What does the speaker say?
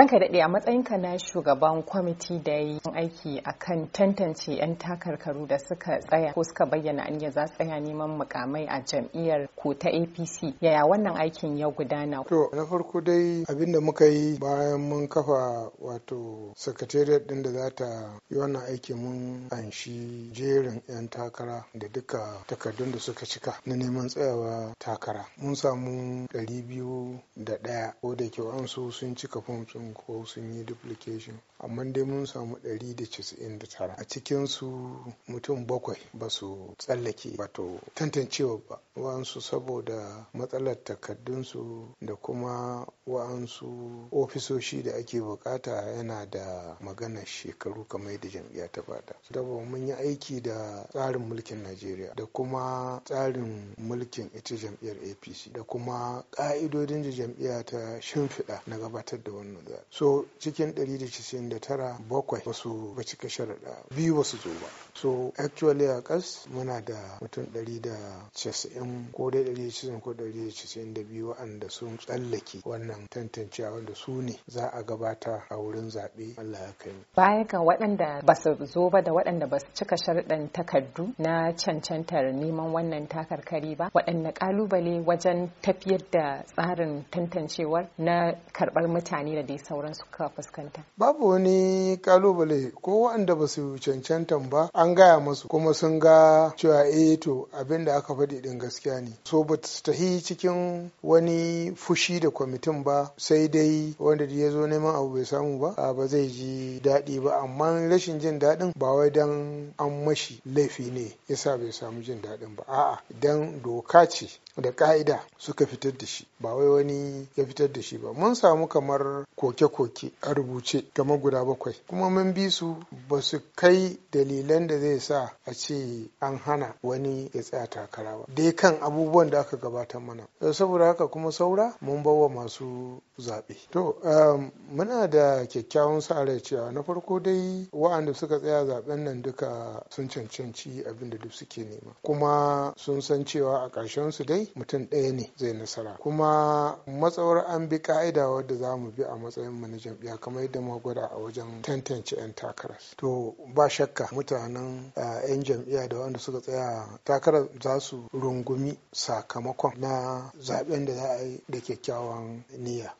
ranka daɗe a matsayinka na shugaban kwamiti da yi aiki a kan tantance 'yan takarkaru da suka tsaya ko suka bayyana anya za tsaya neman mukamai a jam'iyyar ku ta apc yaya wannan aikin ya gudana to na farko dai abin da muka yi bayan mun kafa wato sakatariyar ɗin da za ta yi wannan aiki mun anshi jerin 'yan takara da duka takardun da suka cika na neman tsayawa takara mun samu ɗaya ko da kyau an sun cika fom sun ko sun yi duplication amma dai mun samu 199 a cikin su mutum bakwai ba su tsallake wato tantancewa ba wa'ansu saboda matsalar takardunsu da kuma wa'ansu ofisoshi da ake bukata yana da magana shekaru kamar da jam'iyya ta bada. saboda mun yi aiki da tsarin mulkin najeriya da kuma tsarin mulkin ita jam'iyyar apc da kuma ka'idodin da jam'iyya ta shimfiɗa na gabatar da wannan so cikin 199 bakwai ba su ba cika sharaɗa biyu ba su zo ba so actually a kas muna da mutum 190 ko dai 190 ko 192 waɗanda sun tsallake wannan tantance wanda su ne za a gabata a wurin zaɓe Allah ya kai baya ga waɗanda ba su zo ba da waɗanda ba su cika sharaɗan takardu na cancantar neman wannan takarkari ba waɗanne ƙalubale wajen tafiyar da tsarin tantancewar na karɓar mutane da dai sauran suka fuskanta babu wani kalubale ko waɗanda ba su cancantan ba an gaya masu kuma sun ga cewa eh to abin da aka faɗi ɗin gaskiya ne so ba su tahi cikin wani fushi da kwamitin ba sai dai wanda ya zo neman abu bai samu ba ba zai ji daɗi ba amma rashin jin daɗin ba wai dan an mashi laifi ne yasa bai samu jin daɗin ba a'a dan doka ce da ka'ida suka fitar da shi ba wai wani ya fitar da shi ba mun samu kamar ko koke-koke a rubuce game guda bakwai kuma mun bi su ba su kai dalilan da zai sa a ce an hana wani ya tsaya takara ba dai kan abubuwan da aka gabata mana eh, saboda haka kuma saura mun bawa masu zaɓe to um, muna da kyakkyawan sa cewa na farko dai wa'anda suka tsaya zaɓen nan duka sun cancanci abin da duk suke nema kuma sun san cewa a ƙarshen su dai mutum ɗaya ne zai nasara kuma matsawar an bi ka'ida wadda za mu bi a matsayin matsayinmu na jam'iyya kamar yadda muka gwada a wajen tantance 'yan takarar to ba shakka mutanen 'yan eh, jam'iyya da wanda suka tsaya takarar za su rungumi sakamakon na zaben da za a yi da kyakkyawan niyya